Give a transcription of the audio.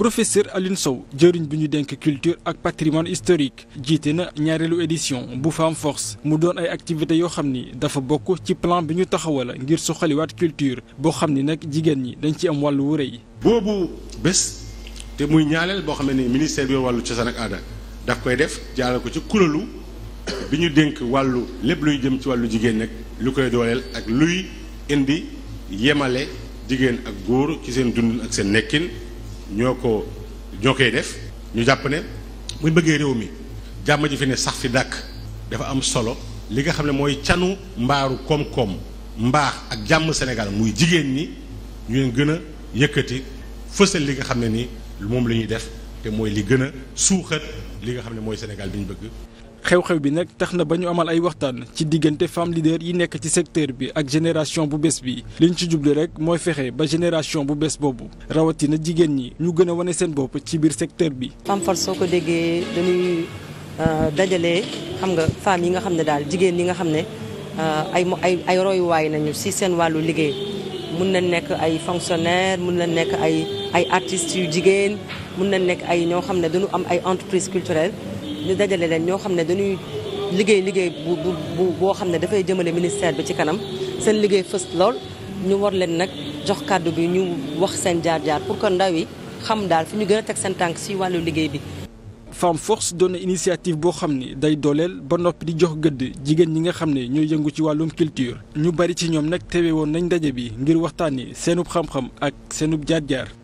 professeur Alioune Sow jëriñ bi ñu denk culture ak patrimoine historique jiite na ñaareelu édition bu Femme Force mu doon ay activité yoo xam ni dafa bokk ci plan bi ñu taxawal ngir soxaliwaat culture boo xam ni nag jigéen ñi dañ ci am wàllu wu rëy. boobu bés te muy ñaareel boo xam ne ministère bi wàllu cosaan ak aada daf koy def jaarale ko ci kuréelu bi ñu dénk wàllu lépp luy jëm ci wàllu jigéen nag lu koy dooleel ak luy indi yemale jigéen ak góor ci ak seen nekkin. ñoo ko ñoo koy def ñu jàpp ne muy bëggee réew mi jàmm ji fi ne sax fi dàkk dafa am solo li nga xam ne mooy canu mbaaru koom-koom mbaax ak jàmm Sénégal muy jigéen ñi ñu leen gën a yëkkati fësal li nga xam ne ni moom la ñuy def te mooy li gën a suuxat li nga xam ne mooy Sénégal bi ñu bëgg. xew-xew bi nag tax na ba ñu amal ay waxtaan ci diggante femme leader yi nekk ci secteur bi ak génération bu bees bi liñ ci jublu rek mooy fexe ba génération bu bees boobu rawatina jigéen ñi ñu gën a wane seen bopp ci biir secteur bi. Femme Force soo ko déggee dañuy euh, dajale xam nga femmes yi nga xam ne daal jigéen ñi nga xam ne euh, ay ay ay royuwaay nañu si seen wàllu liggéey. mun na nekk ay fonctionnaires mun na nekk ay ay artistes yu jigéen mun na nekk ay ñoo xam ne dañu am ay entreprise culturelle ñu dajale leen ñoo xam ne dañuy liggéey liggéey bu bu boo xam ne dafay jëmale ministère bi ci kanam seen liggéey fës lool ñu war leen nag jox kàddu bi ñu wax seen jaar-jaar pour que ndaw yi xam daal fi ñu gën a teg seen tànk si wàllu liggéey bi Femme Force doon na initiative boo xam ne day dooleel ba noppi di jox gëdd jigéen ñi nga xam ne ñoo yëngu ci wàllum culture ñu bari ci ñoom nag teewe woon nañ ndaje bi ngir waxtaanee seenub xam-xam ak seenub jaar-jaar